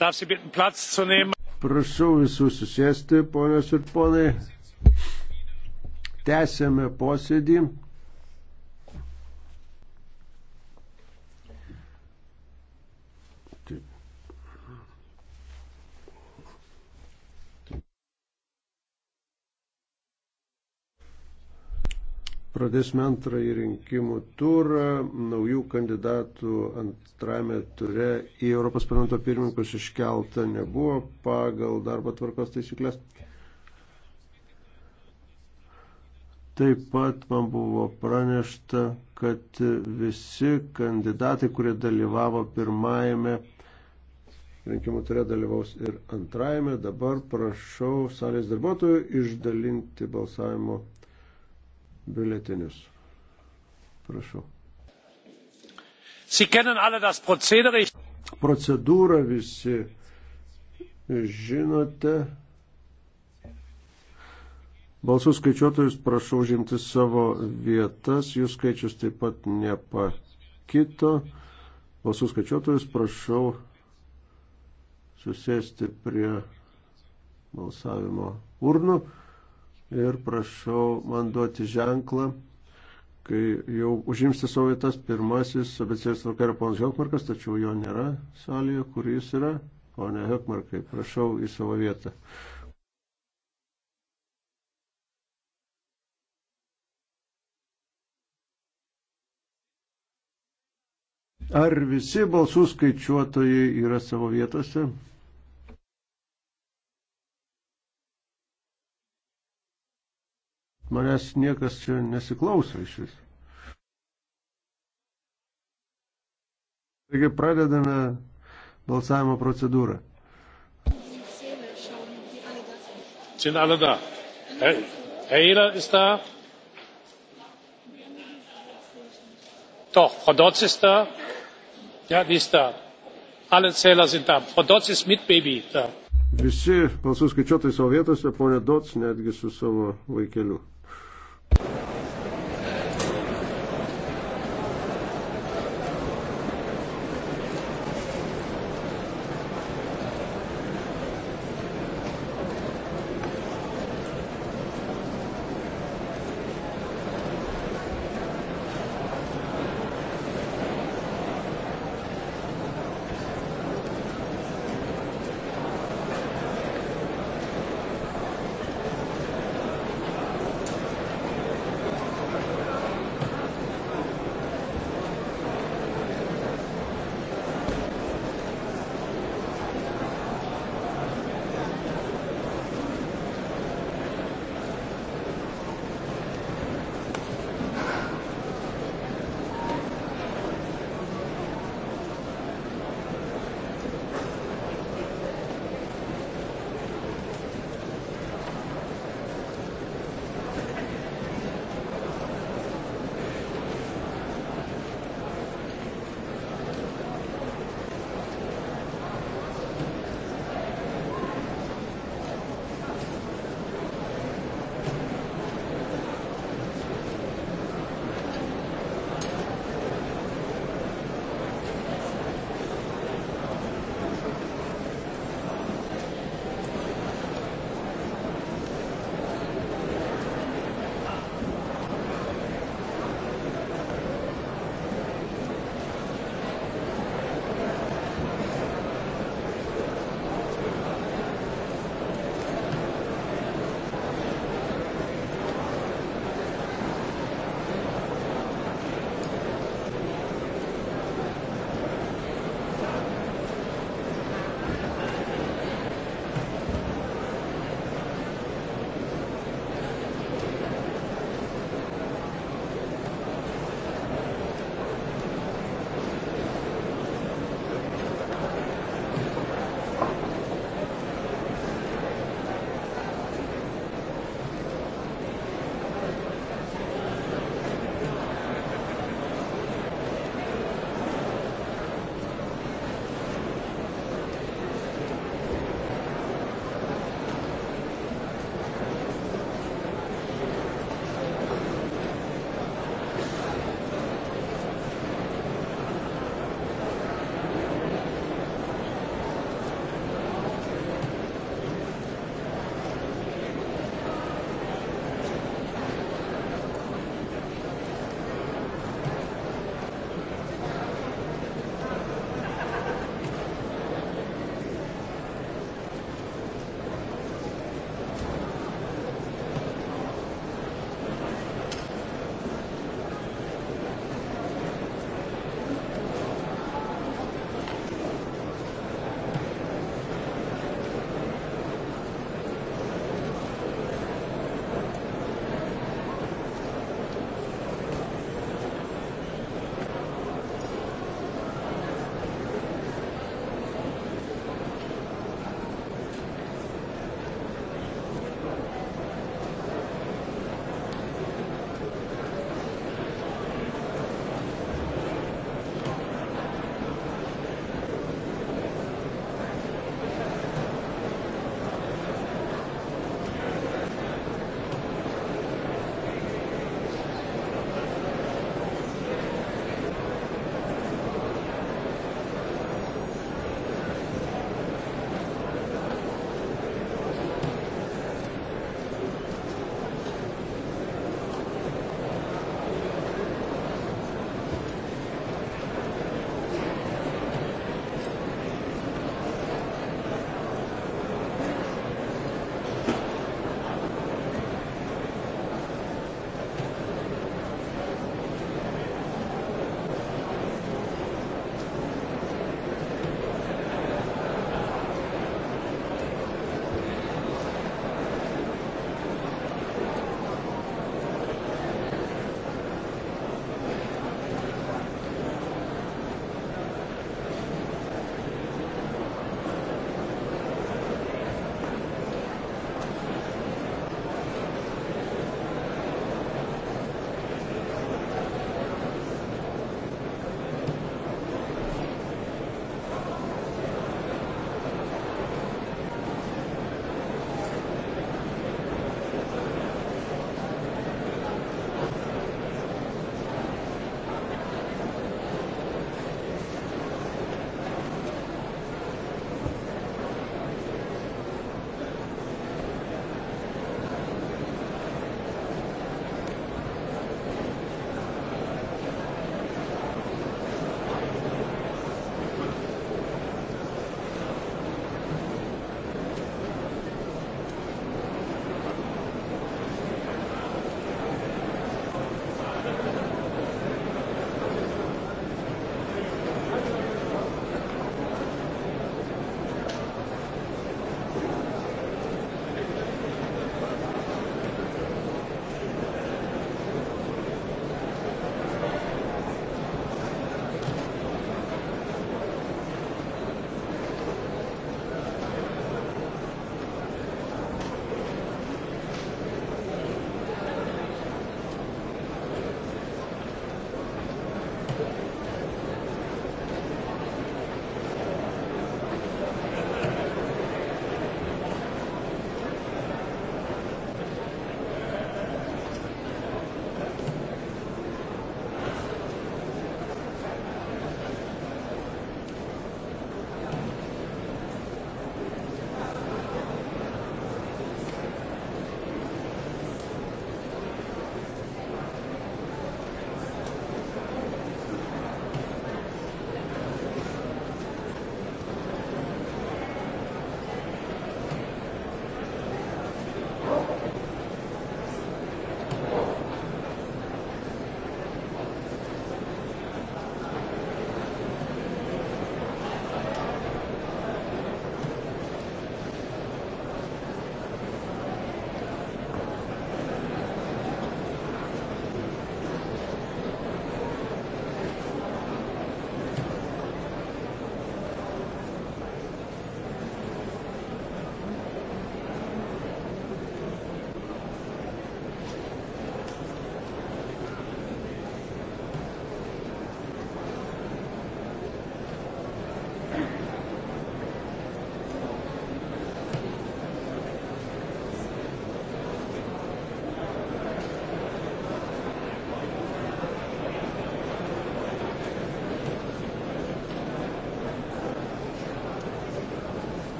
Darf Sie bitten, Platz zu nehmen? Prašau visus susėsti, ponios ir ponai. Tęsėme posėdį. pradėsime antrąjį rinkimų turą. Naujų kandidatų antrame ture į Europos parlamento pirmininkus iškelta nebuvo pagal darbo tvarkos taisyklės. Taip pat man buvo pranešta, kad visi kandidatai, kurie dalyvavo pirmajame rinkimų turė, dalyvaus ir antrajame. Dabar prašau salės darbuotojų išdalinti balsavimo biuletenius. Prašau. Procedūrą visi žinote. Balsų skaičiuotojus prašau žimti savo vietas, jų skaičius taip pat nepakito. Balsų skaičiuotojus prašau susėsti prie balsavimo urnų ir prašau man duoti ženklą, kai jau užimsti savo vietas pirmasis abecės vakarė ponas Hekmarkas, tačiau jo nėra salėje, kur jis yra. Pone Hekmarkai, prašau į savo vietą. Ar visi balsų skaičiuotojai yra savo vietose? Manęs niekas čia nesiklauso iš vis. Taigi pradedame balsavimo procedūrą. Sind alle da? Herr, Herr Ehler ist da? Doch, Frau Dotz ist da? Ja, die ist da. Alle Zähler sind da. Frau Dotz ist mit Baby da. Visi balsų skaičiuotojai savo vietose, ponė Dots netgi su savo vaikeliu.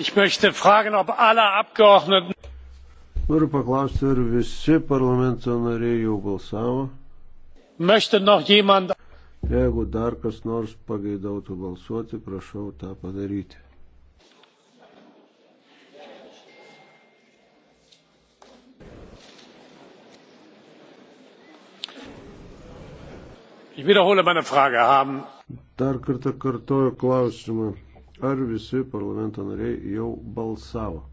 Ich möchte fragen, ob alle Abgeordneten. Noriu paklausti, ar visi parlamento nariai jau balsavo. Möchte noch jemand. Jeigu dar kas nors pageidautų balsuoti, prašau tą padaryti. Ich wiederhole meine Frage. Haben. Dar kartą kartoju klausimą. Ar visi parlamento nariai jau balsavo?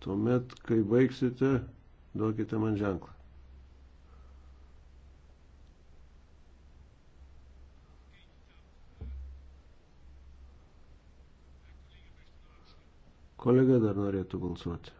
Tuomet, kai baigsite, duokite man ženklą. Kolega dar norėtų balsuoti.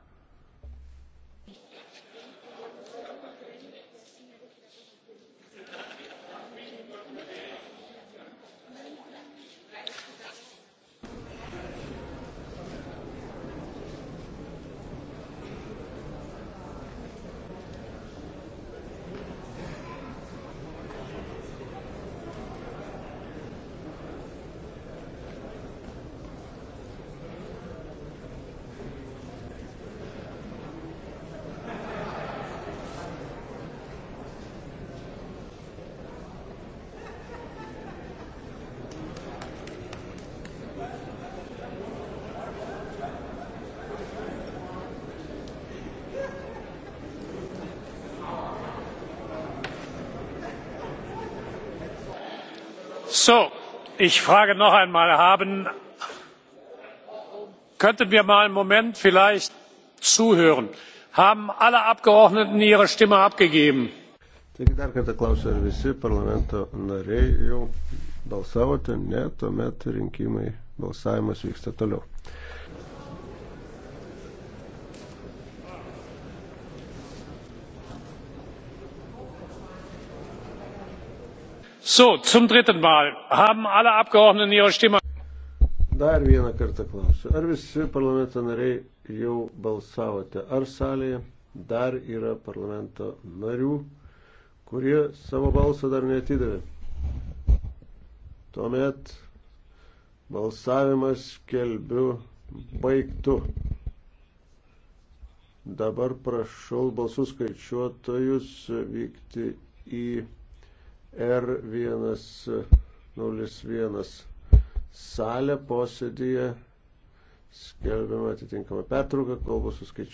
So, ich frage noch einmal haben könnten wir mal einen moment vielleicht zuhören haben alle abgeordneten ihre stimme abgegeben? Taigi dar kartą klausiu, ar visi parlamento nariai jau balsavote, ne, tuomet rinkimai, balsavimas vyksta toliau. So, zum dritten Mal haben alle Abgeordneten ihre Stimme. Dar vieną kartą klausiu. Ar visi parlamento nariai jau balsavote? Ar salėje dar yra parlamento narių, kurie savo balsą dar netidavė? Tuomet balsavimas kelbiu baigtų. Dabar prašau balsų skaičiuotojus vykti į R101 salę posėdėje. Skelbiama atitinkama pertrauka, kol bus suskaičiuota.